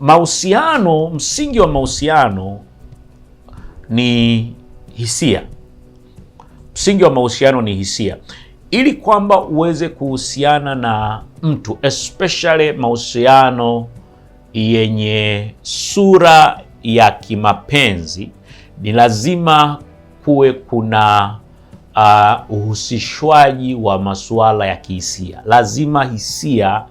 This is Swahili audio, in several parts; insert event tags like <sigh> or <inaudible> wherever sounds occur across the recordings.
mahusiano, msingi wa mahusiano ni hisia. Msingi wa mahusiano ni hisia. Ili kwamba uweze kuhusiana na mtu especially mahusiano yenye sura ya kimapenzi, ni lazima kuwe kuna uh, uhusishwaji wa masuala ya kihisia. Lazima hisia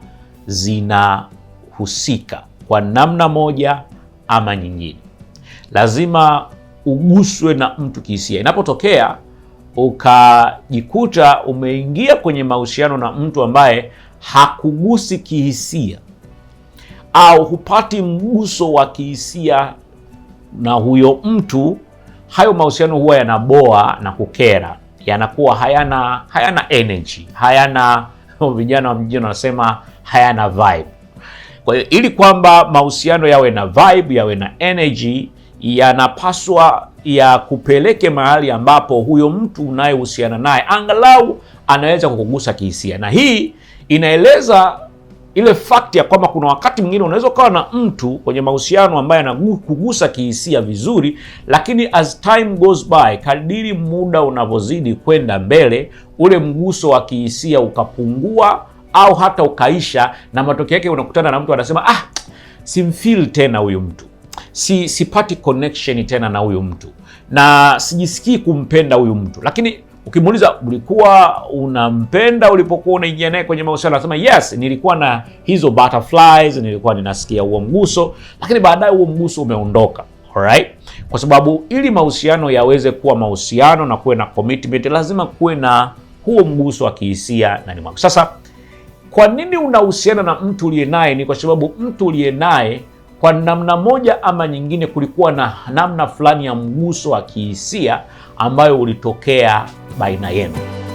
zinahusika kwa namna moja ama nyingine, lazima uguswe na mtu kihisia. Inapotokea ukajikuta umeingia kwenye mahusiano na mtu ambaye hakugusi kihisia au hupati mguso wa kihisia na huyo mtu, hayo mahusiano huwa yanaboa na kukera, yanakuwa hayana hayana energy, hayana <laughs> vijana wa mjini wanasema hayana vibe. Kwa hiyo ili kwamba mahusiano yawe na vibe, yawe na energy, yanapaswa ya kupeleke mahali ambapo huyo mtu unayehusiana naye angalau anaweza kukugusa kihisia, na hii inaeleza ile fact ya kwamba kuna wakati mwingine unaweza ukawa na mtu kwenye mahusiano ambaye anakugusa kihisia vizuri, lakini as time goes by, kadiri muda unavyozidi kwenda mbele, ule mguso wa kihisia ukapungua au hata ukaisha, na matokeo yake unakutana na mtu anasema ah, simfeel tena huyu mtu si sipati connection tena na huyu mtu na sijisikii kumpenda huyu mtu. Lakini ukimuuliza ulikuwa unampenda ulipokuwa unaingia naye kwenye mahusiano, anasema yes, nilikuwa na hizo butterflies, nilikuwa ninasikia huo mguso, lakini baadaye huo mguso umeondoka. Alright, kwa sababu ili mahusiano yaweze kuwa mahusiano na kuwe na commitment, lazima kuwe na huo mguso wa kihisia ndani mwako. Sasa kwa nini unahusiana na mtu uliye naye? Ni kwa sababu mtu uliye naye kwa namna moja ama nyingine, kulikuwa na namna fulani ya mguso wa kihisia ambayo ulitokea baina yenu.